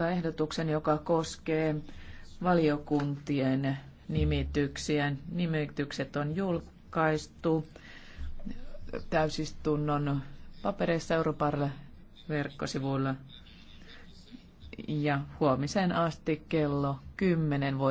ehdotuksen, joka koskee valiokuntien nimityksiä. Nimitykset on julkaistu täysistunnon papereissa Europarla verkkosivuilla ja huomiseen asti kello 10 voi